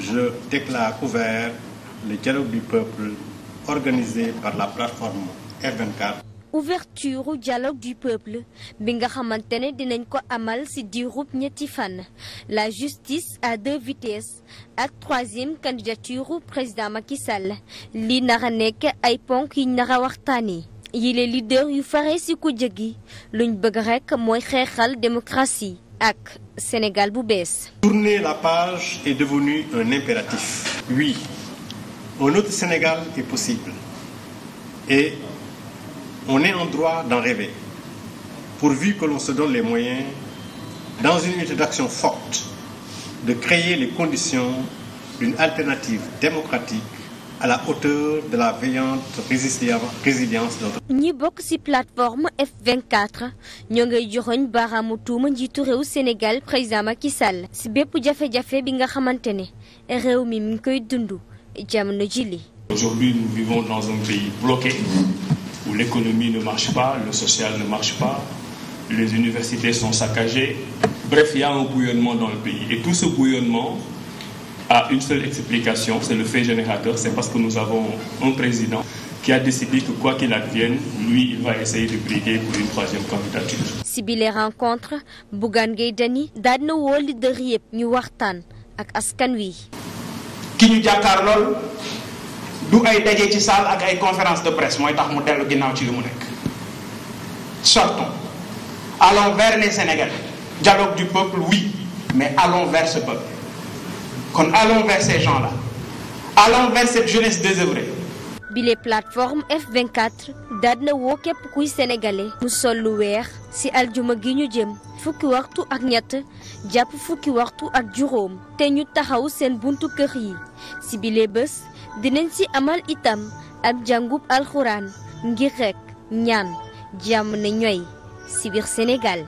je déclare ouvert le dialogue du peuple organisé par la plateforme f dialogue du peuple bi nga xamante ne dinañ ko amal ci diirub ñetti fan la justice à deux vitesses ak troisième candidature président Macky li nara nekk ay ponk yi nara waxtaani yi les leaders yu fare ci ku jëgi luñ bëgg rekk mooy xeexal démocratie ak Sénégal bu bees. Tourner la page est devenu un impératif. Oui, un autre Sénégal est possible et on est en droit d'en rêver, pourvu que l'on se donne les moyens, dans une unité forte, de créer les conditions d'une alternative démocratique à la ñi bokk ci plateforme F24 ñoo ngay joxoñ baaraamu tuuma njiitu réew Sénégal président Macky Sall. ci bépp jafejafe bi nga xamante ne réew mi mi ngi koy dund jamono ji li. aujourd'hui nous vivons dans un pays bloqué où l'économie ne marche pas le social ne marche pas les universités sont saccagées bref il un bouillonnement dans le pays et tout ce bouillonnement. a une seule explication, c'est parce que nous avons un président qui a décidé que quoi qu'il advienne, lui, il va essayer de briguer pour une troisième candidature. si rencontre Bougane Gueye Dany daal na woo leader yëpp ñu waxtaan ak askan wi. ki ñu jàkkaar lool du ay daje ci salle ak ay conférence de presse mooy tax mu dellu ginnaaw ci li mu nekk. sortons allons vers les Sénégalais dialogue du peuple oui mais allons vers ce peuple. kon allons vers ces gens-là F24 woo képp kuy sénégalais. mu sol lu weex ci aljuma gi ñu jëm fukki waxtu ak ñett jàpp fukki waxtu ak juróom te ñu taxaw seen buntu kër yi ci bile bés dinañ ci amal itam ak jàngub alxuraan ngir rekk ñaan jàmm na ñooy ci biir Sénégal.